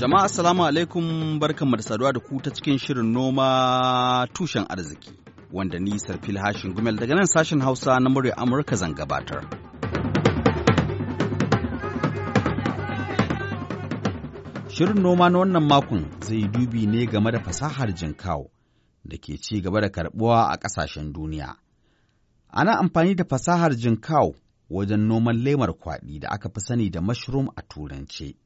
Jama'a assalamu alaikum barkanmu da saduwa da ku ta cikin shirin noma tushen arziki wanda ni Sarfil Hashin Gumel daga nan sashen Hausa na murya Amurka zan gabatar. Shirin noma na wannan makon zai dubi ne game da fasahar jinkawo da ke ci gaba da karbuwa a ƙasashen duniya. Ana amfani da fasahar jinkawo wajen noman lemar kwaɗi da aka fi sani da mushroom a turance.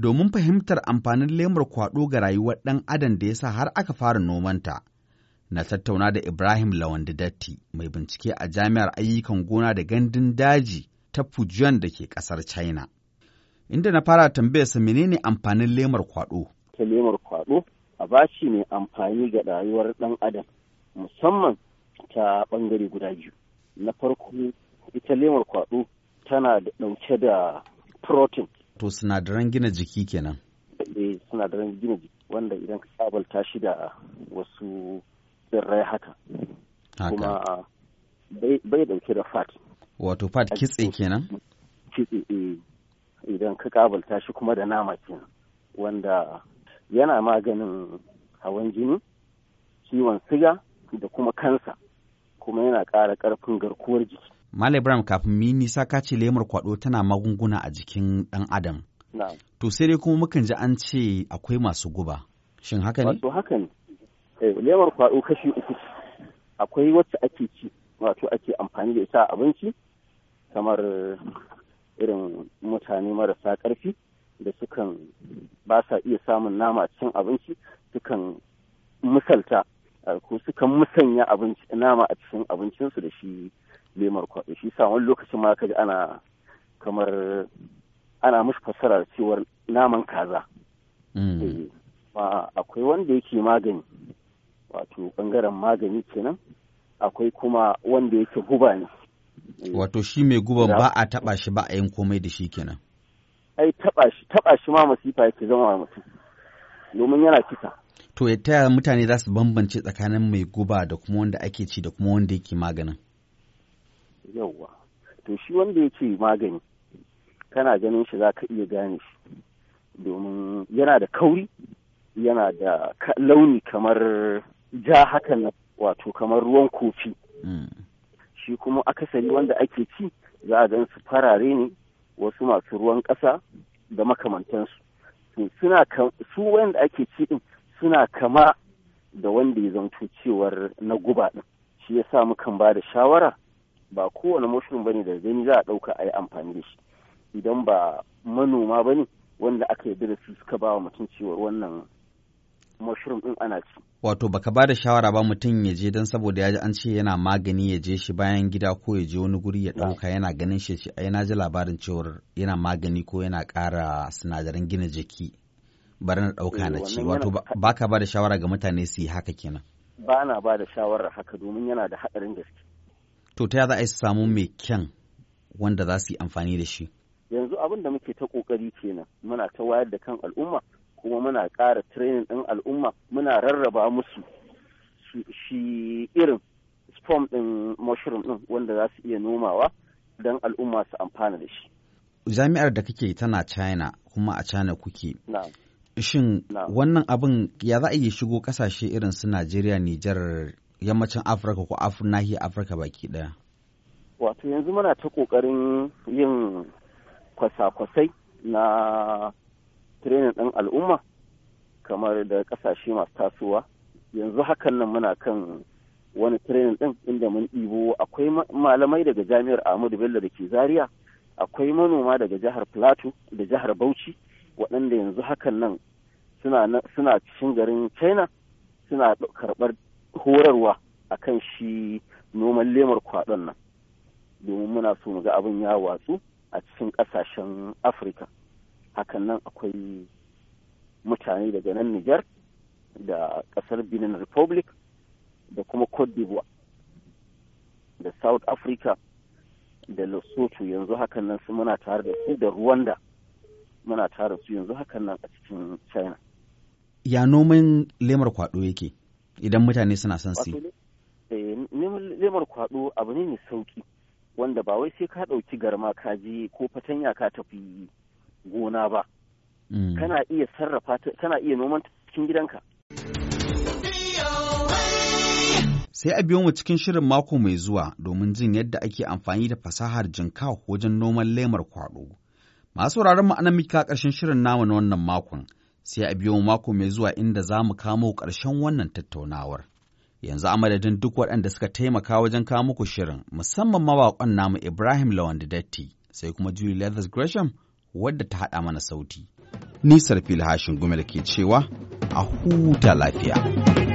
domin fahimtar amfanin lemar kwaɗo ga rayuwar ɗan adam da ya sa har aka fara nomanta. Na tattauna da Ibrahim Lawandi Datti mai bincike a jami'ar ayyukan gona da gandun daji ta Fujian da ke ƙasar China. Inda na fara tambayarsa menene amfanin lemar kwaɗo? Ta lemar kwaɗo abaci ne amfani ga rayuwar ɗan adam musamman ta ɓangare guda biyu. Na farko ita lemar kwaɗo tana da ɗauke da protein To sinadaran gina jiki kenan. Eh sinadaran gina jiki wanda idan ka sabalta shi da wasu tsirrai haka. Kuma bai dauke da fat. Wato fat kitse kenan? Kitse eh idan ka kabalta shi kuma da nama kenan wanda yana maganin hawan jini, ciwon siga da kuma kansa kuma yana ƙara ƙarfin garkuwar jiki. Malam Ibrahim kafin mu nisa ka ce lemar kwaɗo tana magunguna a jikin ɗan adam. To sai dai kuma mukan ji an ce akwai masu guba. Shin haka ne? Wato haka ne. Eh, lemar kwaɗo kashi uku akwai wacce ake ci wato ake amfani da ita abinci kamar irin mutane marasa ƙarfi da sukan ba sa iya samun nama a cikin abinci sukan misalta ko sukan musanya nama a cikin abincinsu da shi lemar kwaɗe shi sa wani lokacin ma kaji ana kamar ana mashi fassara cewar naman kaza mm. eh, ba akwai wanda yake magani wato bangaren magani kenan akwai kuma wanda yake guba ne eh, wato shi mai guban ba a taba shi ba a yin komai da shi kenan ai taba shi taba shi ma masifa yake zama mutum domin yana kisa to ya taya mutane za su bambance tsakanin mai guba da kuma wanda ake ci da kuma wanda yake maganin yauwa to shi wanda yake magani kana ganin shi za ka iya gane shi domin yana da kauri yana da launi kamar ja haka na wato kamar ruwan kofi hmm. shi kuma akasari wanda ake ci za a gan su farare ne wasu masu ruwan ƙasa da makamantansu su wanda ake ci din suna kama da wanda ya zanto cewar na guba din shi ya sa mukan ba da shawara ba kowane mushroom bane da gani za a ɗauka a yi amfani da shi idan ba manoma ba ne wanda aka yarda da su suka ba wa mutum cewar wannan mushroom din ana ci. Wato baka ba da shawara ba mutum ya je don saboda ya ji an ce yana magani ya je shi bayan gida ko ya je wani guri ya ɗauka yana ganin shi ce ai na ji labarin cewar yana magani ko yana ƙara sinadaran gina jiki bari na ɗauka na ci eh, wato baka ba da shawara ga mutane su yi haka kenan. Ba na ba da shawara haka domin yana da haɗarin gaske. to ta za a yi samu mai kyan wanda za su yi amfani da shi yanzu abin da muke ta kokari kenan muna ta wayar da kan al'umma kuma muna ƙara training ɗin al'umma muna rarraba musu shi irin sperm ɗin mushroom ɗin wanda za su iya nomawa don al'umma su amfana da shi jami'ar da kake tana china kuma a china kuke shin wannan abin ya za a iya shigo kasashe irin su najeriya nijar yammacin afirka ko nahiyar afirka baki daya wato yanzu muna ta kokarin yin kwasa-kwasai na trenin ɗin al'umma kamar da ƙasashe masu tasowa yanzu hakan nan muna kan wani trenin ɗin inda mun ɗibo akwai malamai daga jami'ar ahmadu bello da ke zaria akwai manoma daga jihar plateau da jihar bauchi waɗanda yanzu hakan nan suna cikin garin china suna karɓar horarwa akan shi noman lemar kwaɗon nan domin muna so mu ga abin ya watsu a cikin ƙasashen afirka hakan nan akwai mutane daga nan niger da ƙasar benin republic da kuma cote d'ivoire da south africa da lesotho yanzu hakan nan su muna tare da su da rwanda muna tare su yanzu hakan nan a cikin china ya noman lemar kwaɗo yake idan mutane suna son su eh, lemar kwaɗo abu ne mai sauki wanda ba wai sai ka ɗauki garma ka je ko fatanya ka tafi gona ba mm. kana iya sarrafa kana iya noman cikin gidanka sai a biyo mu cikin shirin mako mai zuwa domin jin yadda ake amfani da fasahar jinka wajen noman lemar kwaɗo masu sauraron mu anan ƙarshen shirin namu na wannan makon sai a biyo mako mai zuwa inda za mu kamo ƙarshen wannan tattaunawar. Yanzu a madadin duk waɗanda suka taimaka wajen kawo muku shirin musamman mawaƙon namu Ibrahim lawandi Datti sai kuma Julie Leathers Gresham wadda ta haɗa mana sauti. Nisar fil hashin gumel ke cewa a huta lafiya.